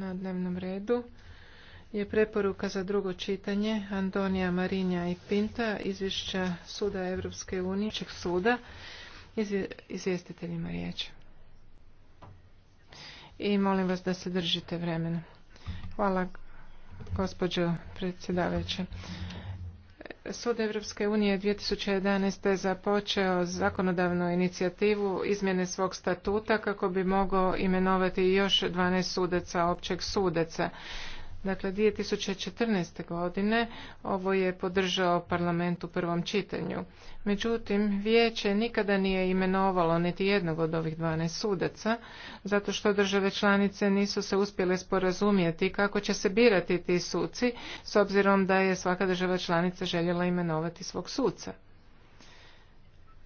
na dnevnom redu je preporuka za drugo čitanje Antonija Marinja i Pinta izvješća Suda Evropske unije suda izvjestiteljima riječ. I molim vas da se držite vremena. Hvala gospođo predsjedavajuća. Sud Evropske unije 2011. započeo zakonodavnu inicijativu izmjene svog statuta kako bi mogao imenovati još 12 sudaca općeg sudaca. Dakle, 2014. godine ovo je podržao parlament u prvom čitanju. Međutim, vijeće nikada nije imenovalo niti jednog od ovih 12 sudaca, zato što države članice nisu se uspjele sporazumjeti kako će se birati ti suci, s obzirom da je svaka država članica željela imenovati svog suca.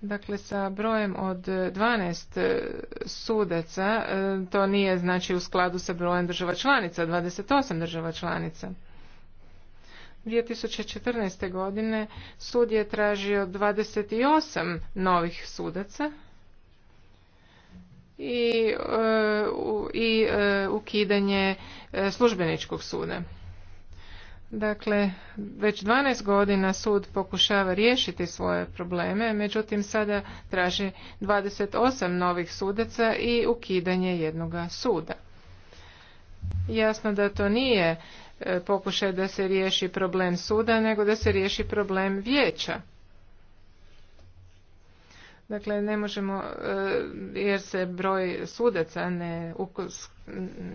Dakle, sa brojem od 12 e, sudaca, e, to nije znači u skladu sa brojem država članica, 28 država članica. 2014. godine sud je tražio 28 novih sudaca i, e, i ukidanje službeničkog suda. Dakle, već 12 godina sud pokušava riješiti svoje probleme, međutim sada traži 28 novih sudaca i ukidanje jednoga suda. Jasno da to nije e, pokušaj da se riješi problem suda, nego da se riješi problem vijeća. Dakle, ne možemo, e, jer se broj sudaca ne,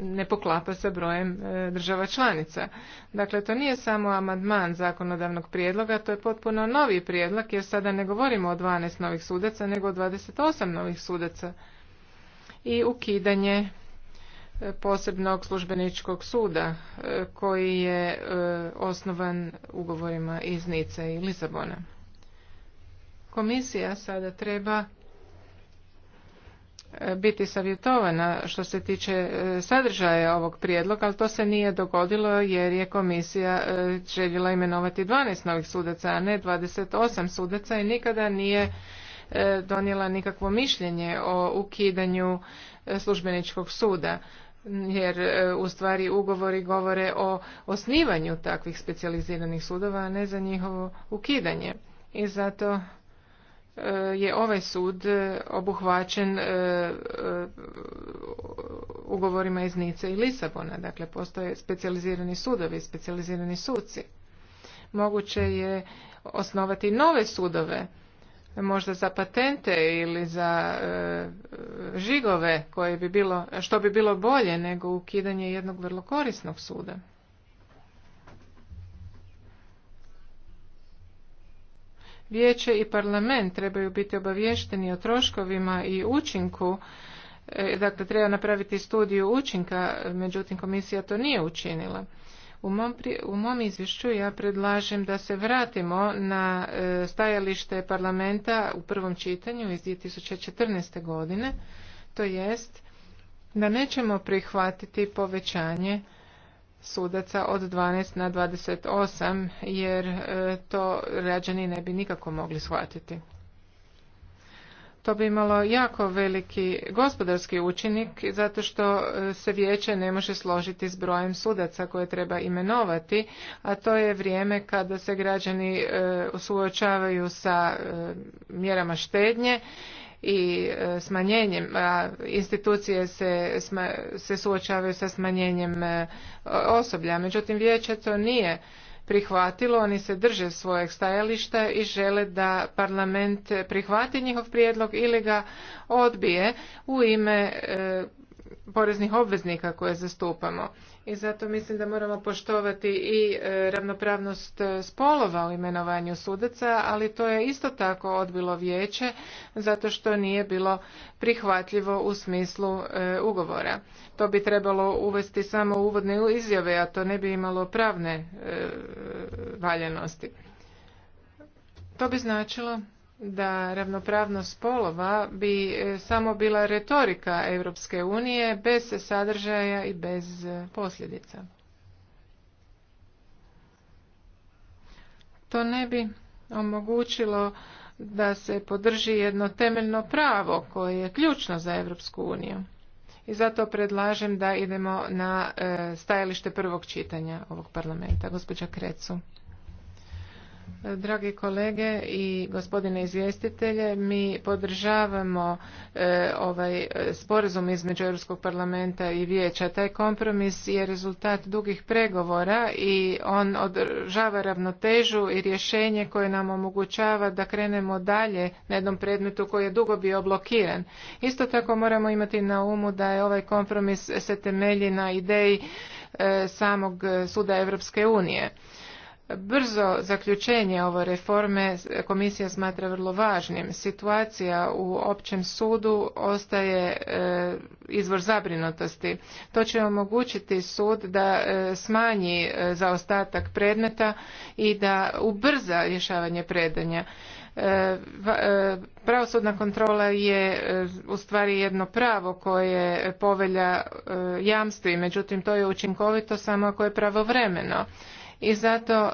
ne poklapa sa brojem e, država članica. Dakle, to nije samo amandman zakonodavnog prijedloga, to je potpuno novi prijedlog, jer sada ne govorimo o 12 novih sudaca, nego o 28 novih sudaca. I ukidanje e, posebnog službeničkog suda, koji je osnovan ugovorima iz Nice i Lisabona komisija sada treba e, biti savjetovana što se tiče e, sadržaja ovog prijedloga, ali to se nije dogodilo jer je komisija e, željela imenovati 12 novih sudaca, a ne 28 sudaca i nikada nije donijela nikakvo mišljenje o ukidanju službeničkog suda jer u stvari ugovori govore o osnivanju takvih specijaliziranih sudova, a ne za njihovo ukidanje. I zato je ovaj sud e, obuhvaćen e, e, ugovorima iz Nice i Lisabona. Dakle, postoje specijalizirani sudovi, specijalizirani suci. Moguće je osnovati nove sudove, možda za patente ili za žigove, koje bi bilo, što bi bilo bolje nego ukidanje jednog vrlo korisnog suda. vijeće i parlament trebaju biti obaviješteni o troškovima i učinku e, dakle treba napraviti studiju učinka međutim komisija to nije učinila u mom, u mom izvješću ja predlažem da se vratimo na e, stajalište parlamenta u prvom čitanju iz 2014. godine to jest da nećemo prihvatiti povećanje sudaca od 12 na 28 jer e, to građani ne bi nikako mogli shvatiti. To bi imalo jako veliki gospodarski učinik zato što e, se vijeće ne može složiti s brojem sudaca koje treba imenovati, a to je vrijeme kada se građani e, suočavaju sa mjerama štednje i e, smanjenjem, a institucije se, se suočavaju sa smanjenjem e, osoblja. Međutim, vijeće to nije prihvatilo, oni se drže svojeg stajališta i žele da parlament prihvati njihov prijedlog ili ga odbije u ime e, poreznih obveznika koje zastupamo i zato mislim da moramo poštovati i e, ravnopravnost e, spolova u imenovanju sudaca, ali to je isto tako odbilo vijeće zato što nije bilo prihvatljivo u smislu e, ugovora. To bi trebalo uvesti samo uvodne izjave, a to ne bi imalo pravne valjenosti. To bi značilo da ravnopravnost spolova bi e, samo bila retorika Europske unije bez sadržaja i bez e, posljedica. To ne bi omogućilo da se podrži jedno temeljno pravo koje je ključno za Europsku uniju. I zato predlažem da idemo na e, stajalište prvog čitanja ovog parlamenta. Gospođa Krecu. E, dragi kolege i gospodine izvjestitelje, mi podržavamo e, ovaj e, sporazum između Europskog parlamenta i vijeća. Taj kompromis je rezultat dugih pregovora i on održava ravnotežu i rješenje koje nam omogućava da krenemo dalje na jednom predmetu koji je dugo bio blokiran. Isto tako moramo imati na umu da je ovaj kompromis se temelji na ideji samog suda Europske unije Brzo zaključenje ove reforme komisija smatra vrlo važnim. Situacija u općem sudu ostaje e, izvor zabrinutosti. To će omogućiti sud da e, smanji e, zaostatak predmeta i da ubrza rješavanje predanja. Pravosudna kontrola je u stvari jedno pravo koje povelja jamstvi, međutim to je učinkovito samo ako je pravovremeno i zato e,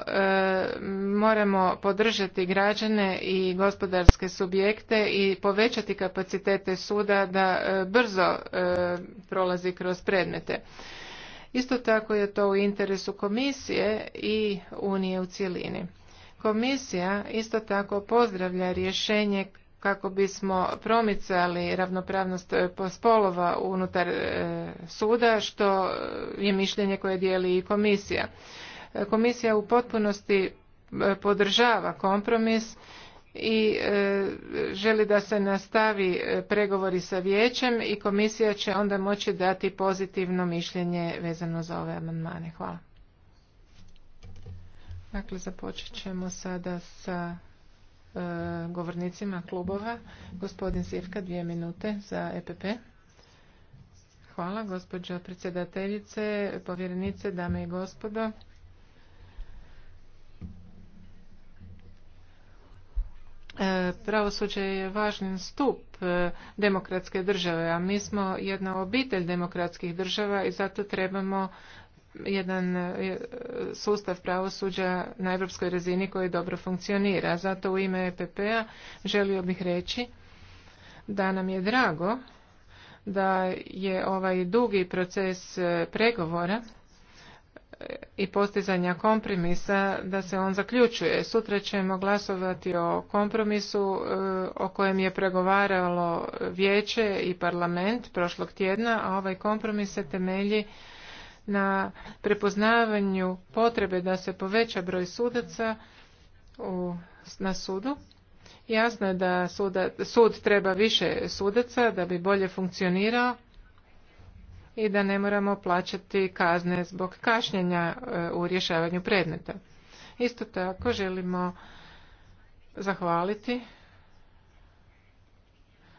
moramo podržati građane i gospodarske subjekte i povećati kapacitete suda da e, brzo e, prolazi kroz predmete. Isto tako je to u interesu komisije i Unije u cjelini. Komisija isto tako pozdravlja rješenje kako bismo promicali ravnopravnost spolova unutar suda, što je mišljenje koje dijeli i komisija. Komisija u potpunosti e, podržava kompromis i e, želi da se nastavi e, pregovori sa vijećem i komisija će onda moći dati pozitivno mišljenje vezano za ove amandmane. Hvala. Dakle, započet ćemo sada sa govornicima klubova. Gospodin Sivka, dvije minute za EPP. Hvala, gospođo predsjedateljice, povjerenice, dame i gospodo. E, pravosuđe je važan stup e, demokratske države, a mi smo jedna obitelj demokratskih država i zato trebamo jedan e, sustav pravosuđa na europskoj razini koji dobro funkcionira. Zato u ime EPP-a želio bih reći da nam je drago da je ovaj dugi proces pregovora i postizanja kompromisa da se on zaključuje. Sutra ćemo glasovati o kompromisu e, o kojem je pregovaralo vijeće i parlament prošlog tjedna, a ovaj kompromis se temelji na prepoznavanju potrebe da se poveća broj sudaca na sudu. Jasno je da sud treba više sudaca da bi bolje funkcionirao i da ne moramo plaćati kazne zbog kašnjenja e, u rješavanju predmeta. Isto tako želimo zahvaliti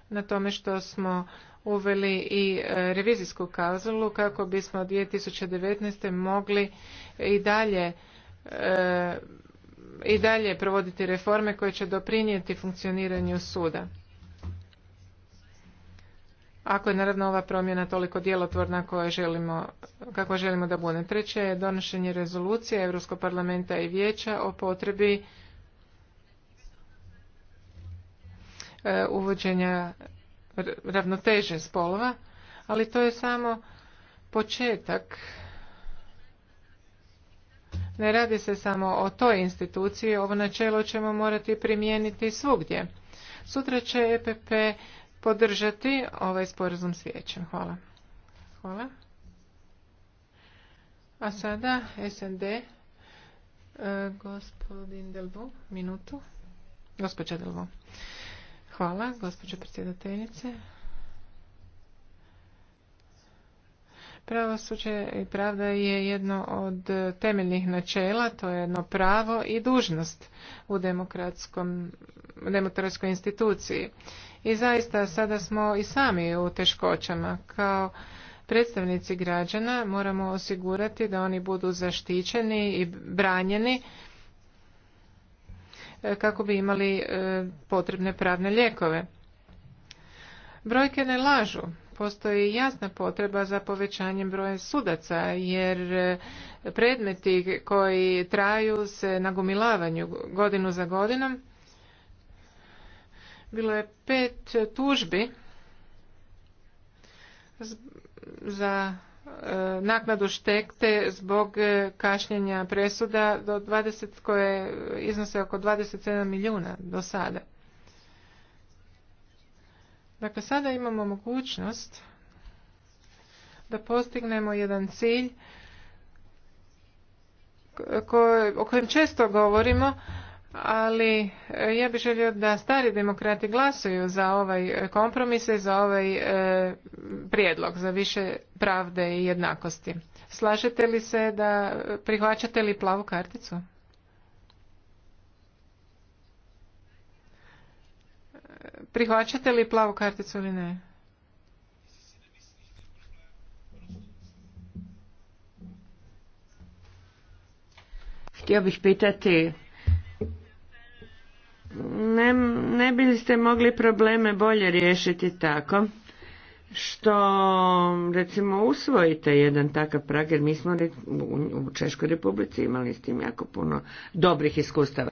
na tome što smo uveli i e, revizijsku kazalu kako bismo 2019. mogli i dalje e, i dalje provoditi reforme koje će doprinijeti funkcioniranju suda ako je naravno ova promjena toliko djelotvorna koja želimo, kako želimo da bude. Treće je donošenje rezolucije Europskog parlamenta i vijeća o potrebi e, uvođenja ravnoteže spolova, ali to je samo početak. Ne radi se samo o toj instituciji, ovo načelo ćemo morati primijeniti svugdje. Sutra će EPP podržati ovaj sporazum s vijećem. Hvala. Hvala. A sada SND, e, gospodin Delbu minutu. Gospođa Delvo. Hvala, gospođo predsjedateljice. Pravosuđe i pravda je jedno od temeljnih načela, to je jedno pravo i dužnost u demokratskom, demokratskoj instituciji. I zaista sada smo i sami u teškoćama. Kao predstavnici građana moramo osigurati da oni budu zaštićeni i branjeni e, kako bi imali e, potrebne pravne ljekove. Brojke ne lažu postoji jasna potreba za povećanjem broja sudaca jer eh, predmeti koji traju se gumilavanju godinu za godinom bilo je pet tužbi za eh, naknadu štekte zbog eh, kašnjenja presuda do 20, koje iznose oko 27 milijuna do sada. Dakle, sada imamo mogućnost da postignemo jedan cilj o kojem često govorimo, ali e, ja bih želio da stari demokrati glasuju za ovaj e, kompromis i za ovaj e, prijedlog za više pravde i jednakosti. Slažete li se da prihvaćate li plavu karticu? Prihvaćate li plavu karticu ili ne? Htio bih pitati ne, ne biste mogli probleme bolje riješiti tako što recimo usvojite jedan takav prag jer mi smo u Češkoj republici imali s tim jako puno dobrih iskustava.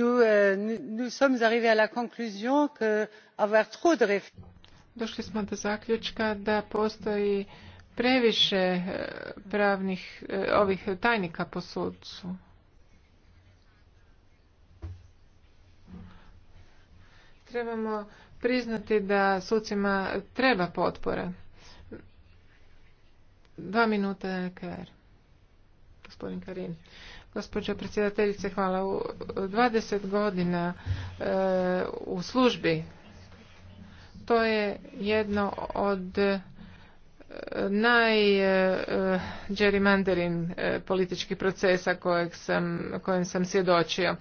Euh, nous, nous sommes arrivés à la conclusion que avoir trop de Došli smo do zaključka da postoji previše e, pravnih e, ovih tajnika po sudcu. Trebamo priznati da sucima treba potpora. Dva minuta, KR. Gospodin Karin. Gospođo predsjedateljice, hvala. U 20 godina e, u službi to je jedno od e, najgerrymanderin e, političkih procesa kojeg sam, kojem sam svjedočio.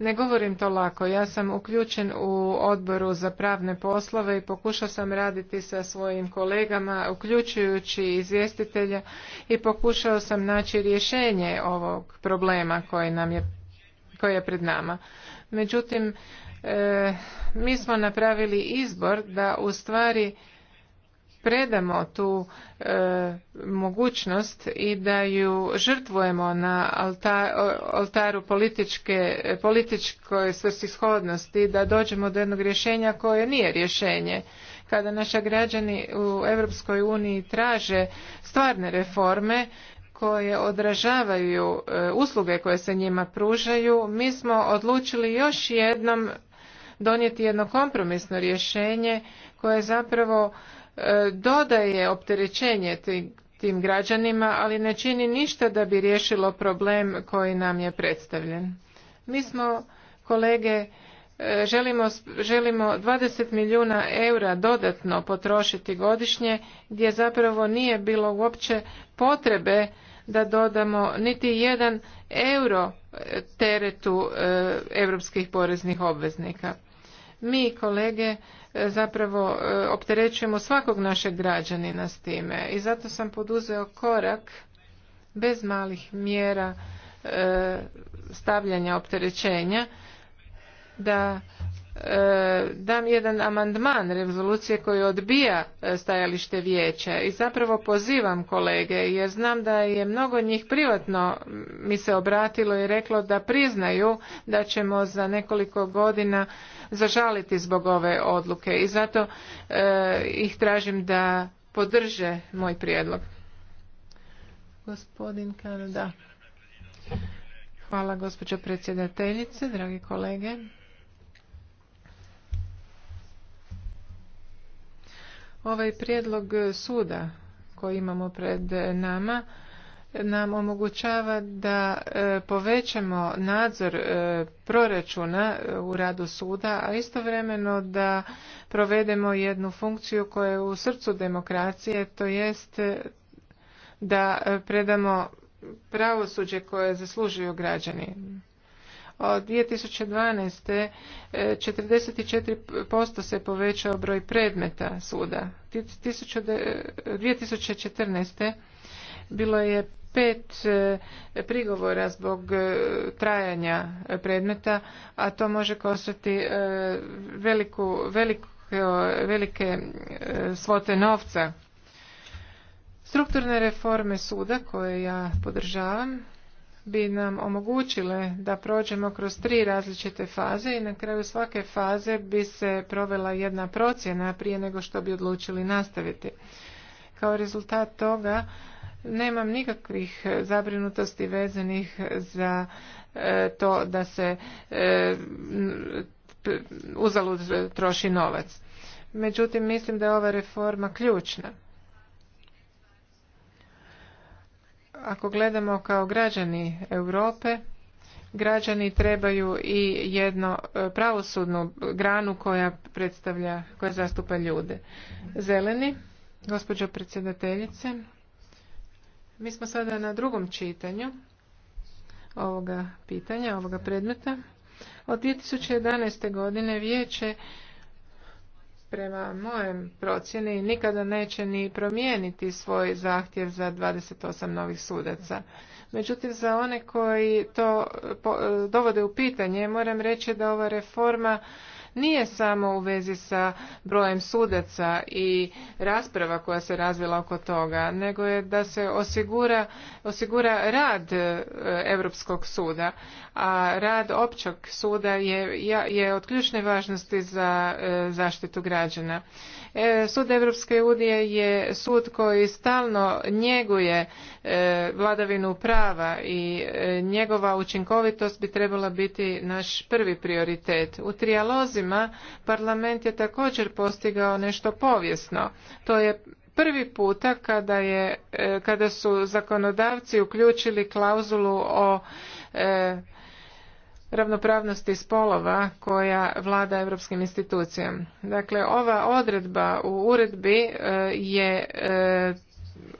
Ne govorim to lako. Ja sam uključen u odboru za pravne poslove i pokušao sam raditi sa svojim kolegama, uključujući izvjestitelja i pokušao sam naći rješenje ovog problema koji nam je, koji je pred nama. Međutim, eh, mi smo napravili izbor da u stvari predamo tu e, mogućnost i da ju žrtvujemo na oltaru altaru političke, političkoj svrsishodnosti, da dođemo do jednog rješenja koje nije rješenje. Kada naša građani u Europskoj uniji traže stvarne reforme, koje odražavaju e, usluge koje se njima pružaju, mi smo odlučili još jednom donijeti jedno kompromisno rješenje koje zapravo dodaje opterećenje tim građanima, ali ne čini ništa da bi riješilo problem koji nam je predstavljen. Mi smo, kolege, e, želimo, želimo 20 milijuna eura dodatno potrošiti godišnje, gdje zapravo nije bilo uopće potrebe da dodamo niti jedan euro e, teretu europskih poreznih obveznika. Mi, kolege, E, zapravo e, opterećujemo svakog našeg građanina s time i zato sam poduzeo korak bez malih mjera e, stavljanja opterećenja da E, dam jedan amandman rezolucije koji odbija e, stajalište vijeća i zapravo pozivam kolege jer znam da je mnogo njih privatno mi se obratilo i reklo da priznaju da ćemo za nekoliko godina zažaliti zbog ove odluke i zato e, ih tražim da podrže moj prijedlog. Gospodin Kanada. Hvala gospođo predsjedateljice, dragi kolege. Ovaj prijedlog suda koji imamo pred nama nam omogućava da e, povećamo nadzor e, proračuna e, u radu suda, a istovremeno da provedemo jednu funkciju koja je u srcu demokracije, to jest da predamo pravosuđe koje zaslužuju građani. Od 2012. 44% e, se povećao broj predmeta suda. 2014. E, bilo je pet e, prigovora zbog trajanja predmeta, a to može koštati veliku, velike svote novca. Strukturne reforme suda koje ja podržavam bi nam omogućile da prođemo kroz tri različite faze i na kraju svake faze bi se provela jedna procjena prije nego što bi odlučili nastaviti. Kao rezultat toga nemam nikakvih zabrinutosti vezanih za e, to da se e, uzalud troši novac. Međutim, mislim da je ova reforma ključna. ako gledamo kao građani Europe, građani trebaju i jednu e, pravosudnu granu koja predstavlja, koja zastupa ljude. Zeleni, gospođo predsjedateljice, mi smo sada na drugom čitanju ovoga pitanja, ovoga predmeta. Od 2011. godine vijeće prema mojem procjeni nikada neće ni promijeniti svoj zahtjev za 28 novih sudaca. Međutim, za one koji to dovode u pitanje, moram reći da ova reforma nije samo u vezi sa brojem sudaca i rasprava koja se razvila oko toga, nego je da se osigura, osigura rad e, Europskog suda, a rad općog suda je, je od ključne važnosti za e, zaštitu građana. E, sud Europske unije je sud koji stalno njeguje e, vladavinu prava i e, njegova učinkovitost bi trebala biti naš prvi prioritet. U trijalozima parlament je također postigao nešto povijesno. To je prvi puta kada, je, kada su zakonodavci uključili klauzulu o ravnopravnosti spolova koja vlada europskim institucijama. Dakle, ova odredba u uredbi e, je e,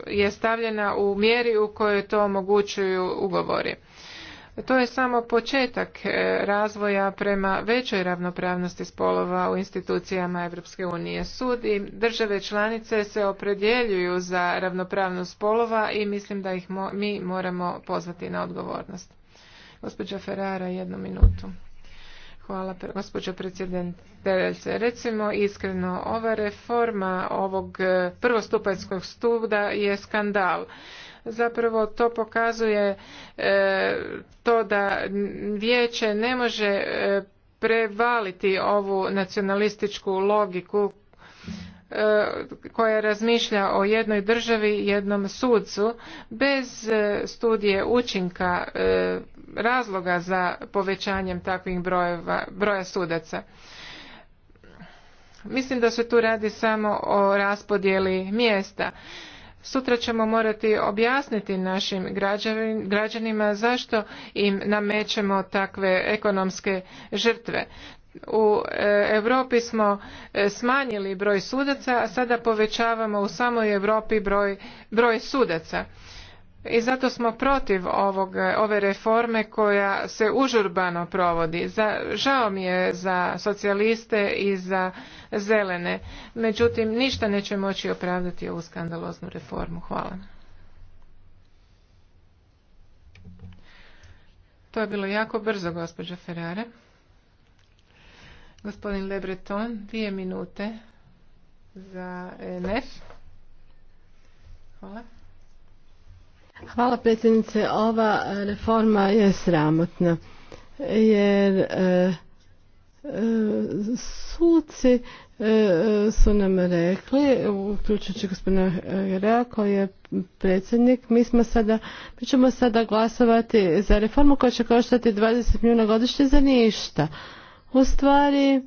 je stavljena u mjeri u kojoj to omogućuju ugovori. To je samo početak e, razvoja prema većoj ravnopravnosti spolova u institucijama Europske unije. Sud i države članice se opredjeljuju za ravnopravnost spolova i mislim da ih mi moramo pozvati na odgovornost. Gospođa Ferrara, jednu minutu. Hvala, gospođo predsjedateljice. Recimo iskreno, ova reforma ovog e, prvostupanjskog studa je skandal zapravo to pokazuje e, to da vijeće ne može e, prevaliti ovu nacionalističku logiku koja razmišlja o jednoj državi jednom sudcu bez studije učinka razloga za povećanjem takvih brojeva, broja sudaca. Mislim da se tu radi samo o raspodjeli mjesta. Sutra ćemo morati objasniti našim građanima zašto im namećemo takve ekonomske žrtve. U e, Europi smo e, smanjili broj sudaca, a sada povećavamo u samoj Europi broj, broj sudaca i zato smo protiv ovog, ove reforme koja se užurbano provodi. žao mi je za socijaliste i za zelene. Međutim, ništa neće moći opravdati ovu skandaloznu reformu. Hvala. To je bilo jako brzo, gospođa Ferrara. Gospodin Lebreton, dvije minute za e NF. Hvala. Hvala predsjednice. Ova e, reforma je sramotna jer e, e, suci su nam rekli, uključujući gospodina Gerea koji je predsjednik, mi smo sada, mi ćemo sada glasovati za reformu koja će koštati 20 milijuna godišnje za ništa. U stvari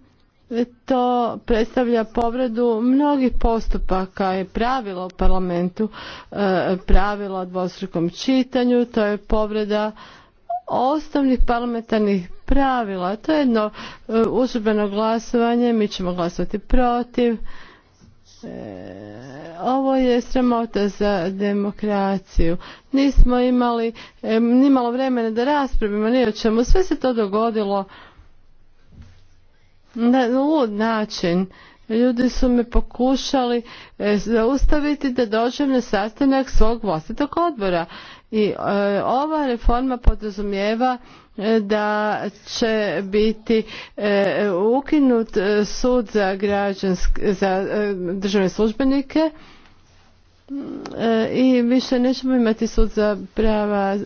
to predstavlja povredu mnogih postupaka i pravila u parlamentu, e, pravila o dvostrukom čitanju, to je povreda osnovnih parlamentarnih pravila. To je jedno e, užbeno glasovanje, mi ćemo glasovati protiv. E, ovo je sramota za demokraciju. Nismo imali nimalo vremena da raspravimo ni o čemu. Sve se to dogodilo na lud način. Ljudi su me pokušali e, zaustaviti da dođem na sastanak svog vlastitog odbora. I e, ova reforma podrazumijeva e, da će biti ukinut sud za, za državne službenike i više nećemo imati sud za prava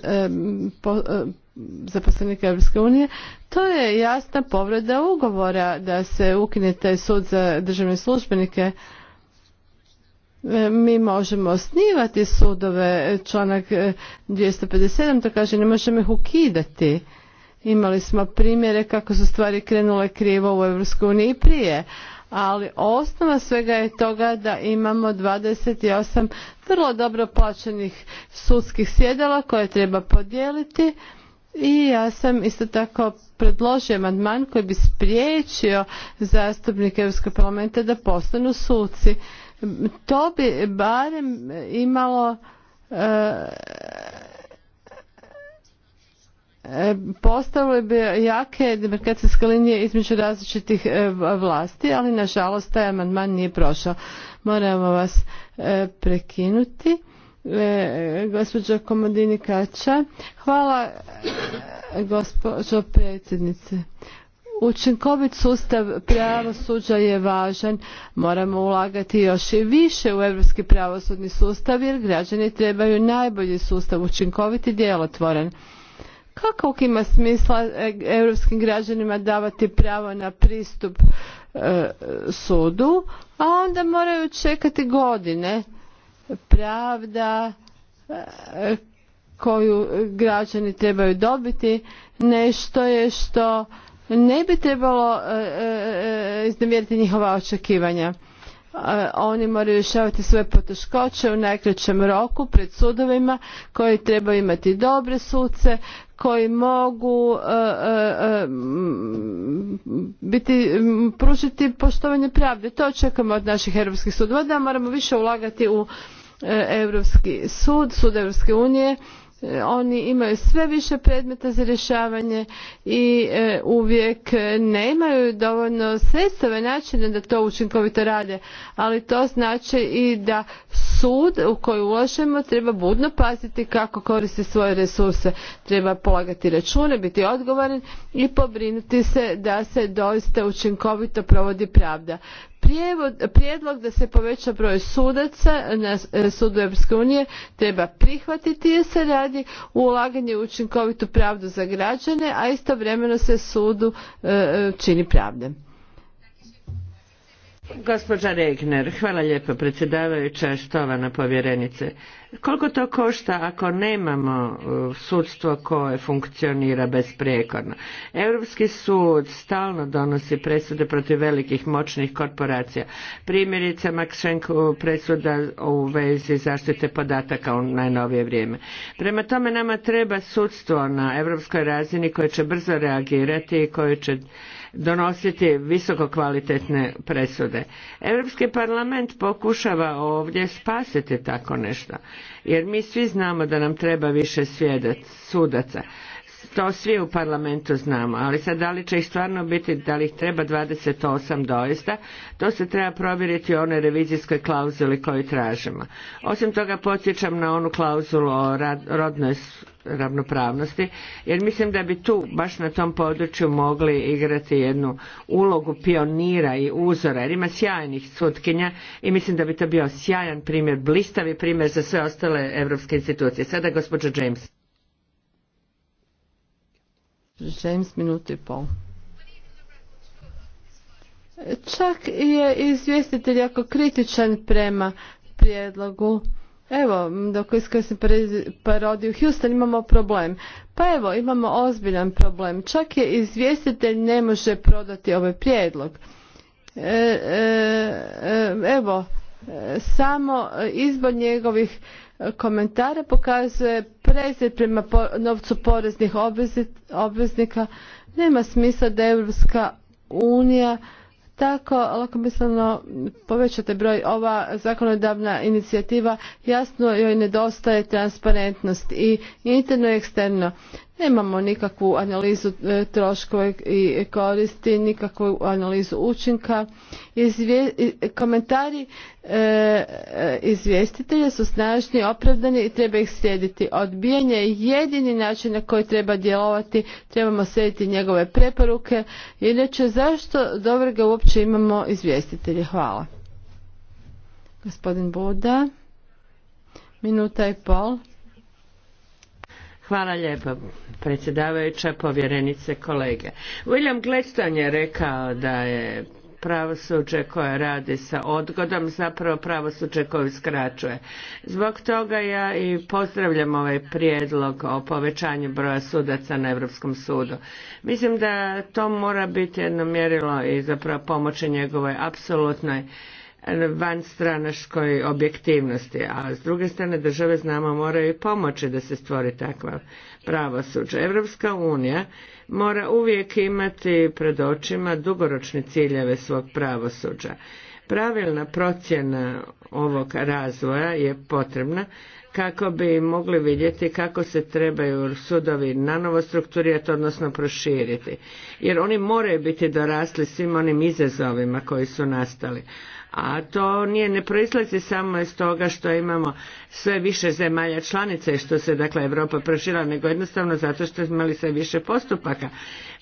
zaposlenika Europske unije, to je jasna povreda ugovora da se ukine taj sud za državne službenike. E, mi možemo osnivati sudove, članak 257 e, to kaže, ne možemo ih ukidati. Imali smo primjere kako su stvari krenule krivo u EU uniji prije, ali osnova svega je toga da imamo 28 vrlo dobro plaćenih sudskih sjedala koje treba podijeliti i ja sam isto tako predložio amandman koji bi spriječio zastupnike Europskog parlamenta da postanu suci. To bi barem imalo e, e, postavili bi jake demokracijske linije između različitih e, vlasti, ali nažalost taj amandman nije prošao. Moramo vas prekinuti. E, gospođo Komodini Kača. Hvala e, gospođo predsjednice. Učinkovit sustav pravosuđa je važan. Moramo ulagati još i više u europski pravosudni sustav jer građani trebaju najbolji sustav, učinkovit i djelotvoran. Kako ima smisla europskim građanima davati pravo na pristup e, sudu, a onda moraju čekati godine pravda e, koju građani trebaju dobiti nešto je što ne bi trebalo e, e, iznamjeriti njihova očekivanja oni moraju rješavati svoje poteškoće u najkraćem roku pred sudovima koji trebaju imati dobre suce koji mogu biti pružiti poštovanje pravde to očekujemo od naših europskih sudova da moramo više ulagati u E, Europski sud, sud Europske unije, e, oni imaju sve više predmeta za rješavanje i e, uvijek nemaju dovoljno sredstava i načina da to učinkovito rade ali to znači i da sud u koji ulažemo treba budno paziti kako koristi svoje resurse treba polagati račune biti odgovoran i pobrinuti se da se doista učinkovito provodi pravda prijedlog da se poveća broj sudaca na e, sudu Europske unije treba prihvatiti jer se radi u ulaganje u učinkovitu pravdu za građane, a istovremeno se sudu e, e, čini pravdem. Gospođa Regner, hvala lijepo predsjedavajuća, štovana povjerenice. Koliko to košta ako nemamo e, sudstvo koje funkcionira besprijekorno? Europski sud stalno donosi presude protiv velikih moćnih korporacija. Primjerice Maksenko presuda u vezi zaštite podataka u najnovije vrijeme. Prema tome nama treba sudstvo na europskoj razini koje će brzo reagirati i koje će donositi visoko kvalitetne presude. Europski parlament pokušava ovdje spasiti tako nešto, jer mi svi znamo da nam treba više sudaca to svi u parlamentu znamo, ali sad da li će ih stvarno biti, da li ih treba 28 doista, to se treba provjeriti u onoj revizijskoj klauzuli koju tražimo. Osim toga podsjećam na onu klauzulu o rodnoj ravnopravnosti, jer mislim da bi tu baš na tom području mogli igrati jednu ulogu pionira i uzora, jer ima sjajnih sutkinja i mislim da bi to bio sjajan primjer, blistavi primjer za sve ostale europske institucije. Sada gospođo James. James, minutu i pol. Čak je izvjestitelj jako kritičan prema prijedlogu. Evo, dok iskoristim parodiju, Houston imamo problem. Pa evo, imamo ozbiljan problem. Čak je izvjestitelj ne može prodati ovaj prijedlog. E, e, e, evo, samo izbor njegovih komentare pokazuje prezir prema novcu poreznih obveznika. Nema smisla da Europska unija tako lakomisleno povećate broj ova zakonodavna inicijativa jasno joj nedostaje transparentnost i interno i eksterno Nemamo nikakvu analizu e, troškova i koristi, nikakvu analizu učinka. komentari e, e, izvjestitelja su snažni, opravdani i treba ih slijediti. Odbijanje je jedini način na koji treba djelovati, trebamo slijediti njegove preporuke. Inače, zašto ga uopće imamo izvjestitelje? Hvala. Gospodin Buda, minuta i pol. Hvala lijepo, predsjedavajuća, povjerenice, kolege. William Gladstone je rekao da je pravosuđe koje radi sa odgodom, zapravo pravosuđe koje skraćuje. Zbog toga ja i pozdravljam ovaj prijedlog o povećanju broja sudaca na Europskom sudu. Mislim da to mora biti jedno mjerilo i zapravo pomoći njegovoj apsolutnoj vanstranačkoj objektivnosti, a s druge strane države znamo moraju pomoći da se stvori takva pravosuđa. Evropska unija mora uvijek imati pred očima dugoročne ciljeve svog pravosuđa. Pravilna procjena ovog razvoja je potrebna kako bi mogli vidjeti kako se trebaju sudovi nanovo strukturirati, odnosno proširiti. Jer oni moraju biti dorasli svim onim izazovima koji su nastali a to nije ne proizlazi samo iz toga što imamo sve više zemalja članica i što se dakle Europa proširila nego jednostavno zato što smo imali sve više postupaka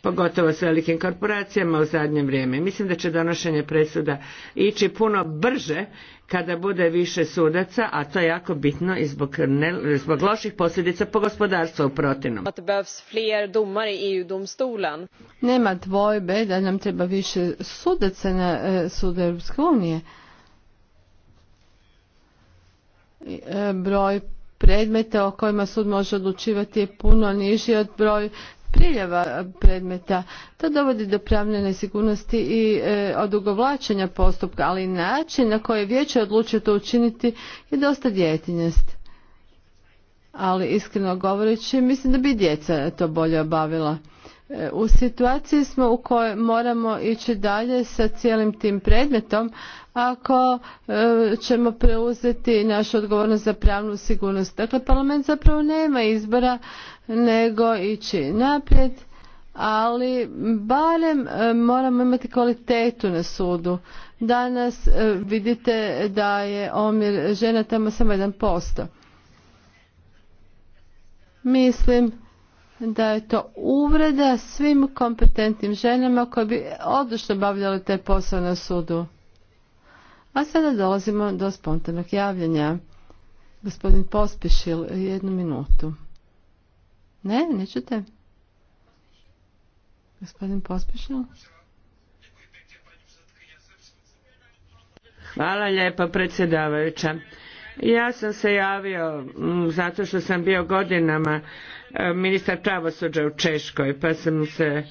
pogotovo s velikim korporacijama u zadnje vrijeme. Mislim da će donošenje presuda ići puno brže kada bude više sudaca, a to je jako bitno i zbog, zbog loših posljedica po gospodarstvu u protivnom. Nema dvojbe da nam treba više sudaca na e, sud Europske unije. E, broj predmeta o kojima sud može odlučivati je puno niži od broj priljeva e, predmeta. To dovodi do pravne nesigurnosti i e, odugovlačenja postupka, ali način na koji vijeće odlučio to učiniti je dosta djetinjest. Ali iskreno govoreći, mislim da bi djeca to bolje obavila. E, u situaciji smo u kojoj moramo ići dalje sa cijelim tim predmetom, ako e, ćemo preuzeti našu odgovornost za pravnu sigurnost. Dakle, parlament zapravo nema izbora nego ići naprijed, ali barem e, moramo imati kvalitetu na sudu. Danas e, vidite da je omjer žena tamo samo 1%. Mislim da je to uvreda svim kompetentnim ženama koje bi odlično bavljali taj posao na sudu. A sada dolazimo do spontanog javljanja. Gospodin Pospišil, jednu minutu. Ne, nećete? Gospodin Pospišil? Hvala lijepa predsjedavajuća. Ja sam se javio mm, zato što sam bio godinama e, ministar pravosuđa u Češkoj pa sam se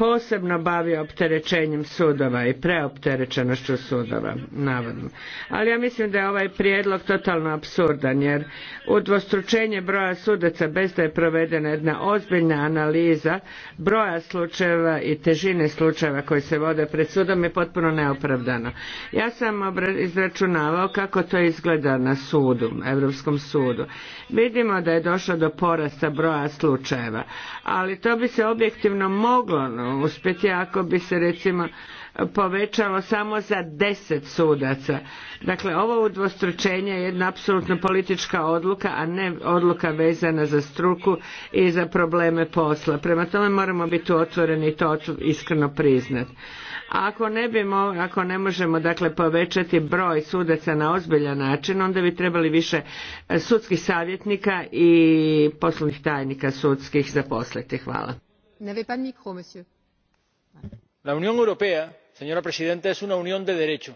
posebno bavio opterećenjem sudova i preopterećenošću sudova, navodno. Ali ja mislim da je ovaj prijedlog totalno apsurdan, jer udvostručenje broja sudaca bez da je provedena jedna ozbiljna analiza broja slučajeva i težine slučajeva koji se vode pred sudom je potpuno neopravdano. Ja sam izračunavao kako to izgleda na sudu, Europskom sudu. Vidimo da je došlo do porasta broja slučajeva, ali to bi se objektivno moglo uspjeti ako bi se recimo povećalo samo za deset sudaca. Dakle, ovo udvostručenje je jedna apsolutno politička odluka, a ne odluka vezana za struku i za probleme posla. Prema tome moramo biti otvoreni i to iskreno priznati. ako ne, bi, ako ne možemo dakle, povećati broj sudaca na ozbiljan način, onda bi trebali više e, sudskih savjetnika i poslovnih tajnika sudskih zaposliti. Hvala. Ne pa mikro, monsieur la unión europea señora presidenta es una unión de derecho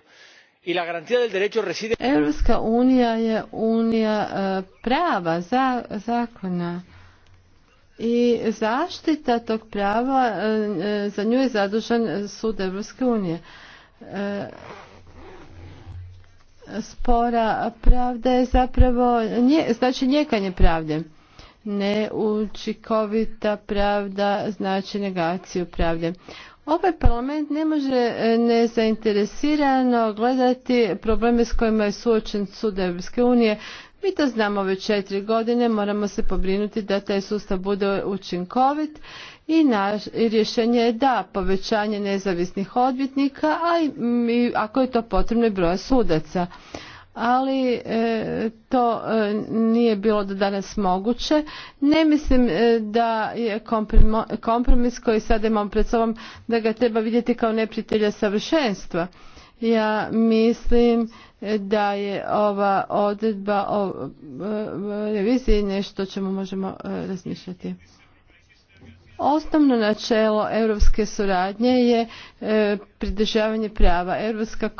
i la garantía del derecho reside. europska unija je unija e, prava zakona i zaštita tog prava e, e, za nju je zadužen sud europske unije spora pravda je zapravo nje, znači njekanje pravde neučinkovita pravda znači negaciju pravde Ovaj parlament ne može e, nezainteresirano gledati probleme s kojima je suočen sud Europske unije. Mi to znamo već četiri godine, moramo se pobrinuti da taj sustav bude učinkovit i, naš, rješenje je da povećanje nezavisnih odvjetnika, a ako je to potrebno i broja sudaca ali e, to e, nije bilo do danas moguće. Ne mislim e, da je kompromis koji sad imamo pred sobom da ga treba vidjeti kao neprijatelja savršenstva. Ja mislim da je ova odredba o reviziji nešto o čemu možemo razmišljati. Osnovno načelo europske suradnje je e, pridržavanje prava. Europska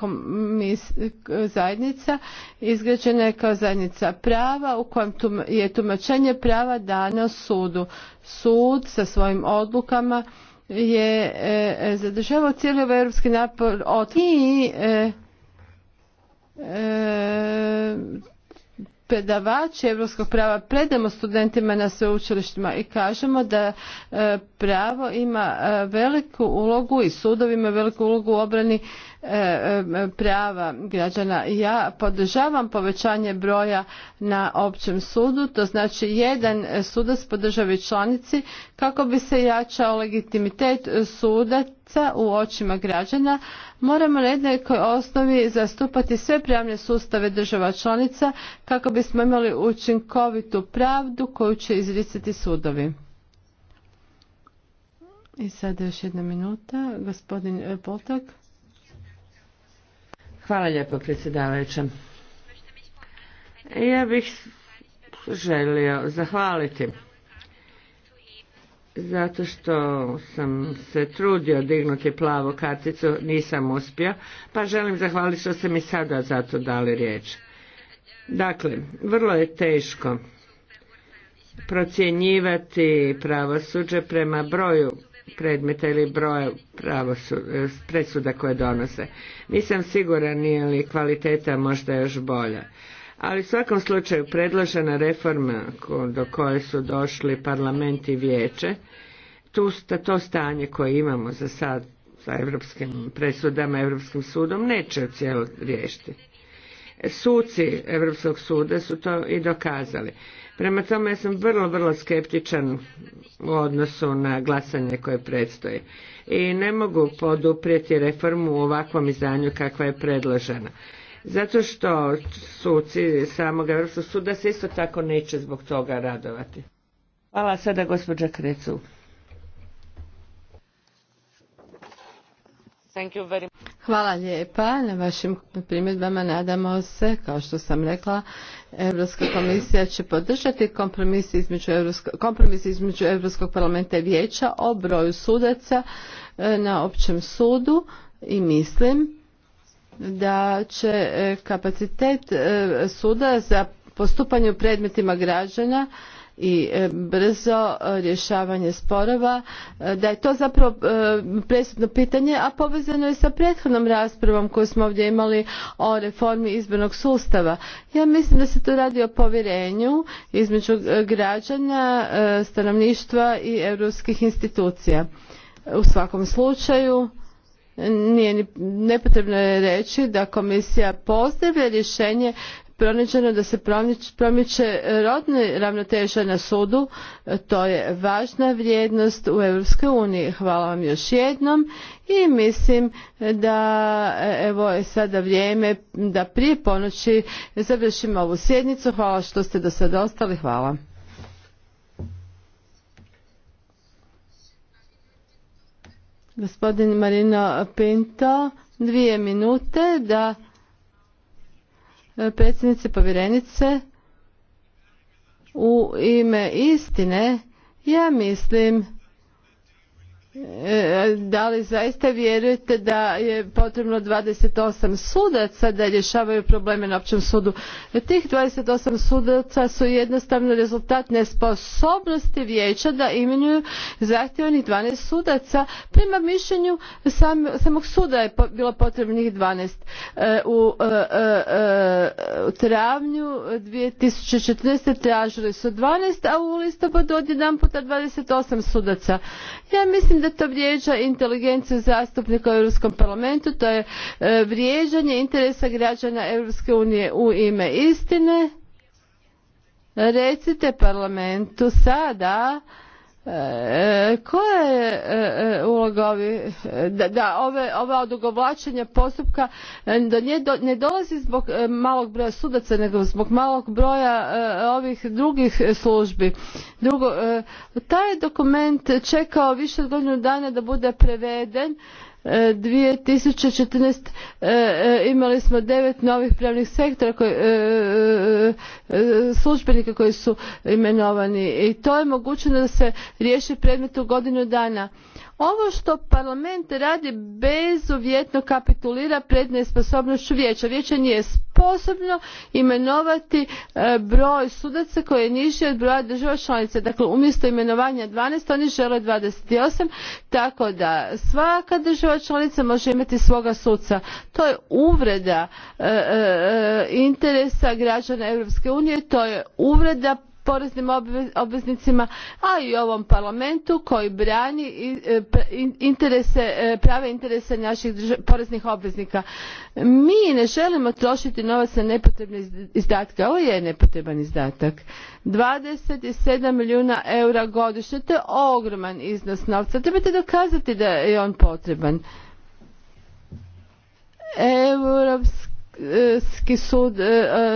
zajednica izgrađena je kao zajednica prava u kojem je tumačenje prava dano sudu. Sud sa svojim odlukama je e, zadržavao cijeli ovaj europski napor od i e, predavači europskog prava predamo studentima na sveučilištima i kažemo da e, pravo ima e, veliku ulogu i sudovima veliku ulogu u obrani E, e, prava građana. Ja podržavam povećanje broja na općem sudu, to znači jedan sudac po državi članici kako bi se jačao legitimitet sudaca u očima građana. Moramo na jednoj osnovi zastupati sve pravne sustave država članica kako bismo imali učinkovitu pravdu koju će izricati sudovi. I sada još jedna minuta, gospodin Poltak. Hvala lijepo predsjedavajuća. Ja bih želio zahvaliti zato što sam se trudio dignuti plavu karticu, nisam uspio, pa želim zahvaliti što ste mi sada zato dali riječ. Dakle, vrlo je teško procjenjivati pravosuđe prema broju predmeta ili broja pravosuda e, presuda koje donose. Nisam siguran nije li kvaliteta možda još bolja. Ali u svakom slučaju predložena reforma do koje su došli parlament i vijeće, to stanje koje imamo za sad sa europskim presudama, evropskim sudom, neće cijelu riješiti. Suci Europskog suda su to i dokazali. Prema tome ja sam vrlo, vrlo skeptičan u odnosu na glasanje koje predstoji. I ne mogu poduprijeti reformu u ovakvom izdanju kakva je predložena. Zato što suci samog Europskog suda se isto tako neće zbog toga radovati. Hvala sada gospođa Krecu. Hvala lijepa na vašim primjedbama. Nadamo se, kao što sam rekla, Europska komisija će podržati kompromis između, kompromis Europskog parlamenta i vijeća o broju sudaca e, na općem sudu i mislim da će e, kapacitet e, suda za postupanje u predmetima građana i e, brzo e, rješavanje sporova, e, da je to zapravo presudno pitanje, a povezano je sa prethodnom raspravom koju smo ovdje imali o reformi izbornog sustava. Ja mislim da se to radi o povjerenju između građana, stanovništva i europskih institucija. U svakom slučaju, nije nepotrebno je reći da komisija pozdravlja rješenje pronađeno da se promiče rodne ravnoteža na sudu. To je važna vrijednost u Europskoj uniji. Hvala vam još jednom i mislim da evo je sada vrijeme da prije ponoći završimo ovu sjednicu. Hvala što ste do sada ostali. Hvala. Gospodin Marino Pinto, dvije minute da E, predsjednice povjerenice u ime istine ja mislim da li zaista vjerujete da je potrebno 28 sudaca da rješavaju probleme na općem sudu? Tih 28 sudaca su jednostavno rezultat nesposobnosti vijeća da imenuju zahtjevnih 12 sudaca. Prema mišljenju samog suda je bilo potrebnih 12. E, u, e, e, u travnju 2014. tražili su 12, a u listopadu odjedanputa puta 28 sudaca. Ja mislim da to vrijeđa inteligenciju zastupnika u Europskom parlamentu, to je e, vrijeđanje interesa građana Europske unije u ime istine. Recite parlamentu sada E, koja je e, e, uloga da, ove, ova odugovlačenja postupka da ne dolazi zbog malog broja sudaca nego zbog malog broja ovih drugih službi drugo taj dokument čekao više od godinu dana da bude preveden 2014. E, e, e, imali smo devet novih pravnih sektora koji, službenika koji su imenovani i to je mogućeno da se riješi predmet u godinu dana ovo što parlament radi bezuvjetno kapitulira pred nesposobnošću vijeća. Vijeće nije sposobno imenovati e, broj sudaca koji je niži od broja država članica. Dakle, umjesto imenovanja dvanaest oni žele osam tako da svaka država članica može imati svoga suca. To je uvreda e, e, interesa građana Europske unije, to je uvreda poreznim obveznicima a i ovom parlamentu koji brani e, interese, e, prave interese naših poreznih obveznika. mi ne želimo trošiti novac na nepotrebne izdatke ovo je nepotreban izdatak twenty seven milijuna eura godišnje to je ogroman iznos novca trebate dokazati da je on potreban europski Europski sud e,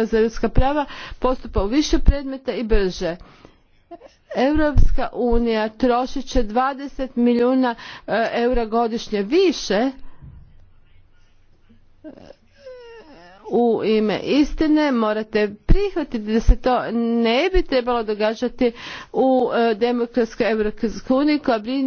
e, za ljudska prava postupa u više predmeta i brže. Europska unija trošit će 20 milijuna e, eura godišnje više u ime istine morate prihvatiti da se to ne bi trebalo događati u demokratskoj europskoj uniji koja brini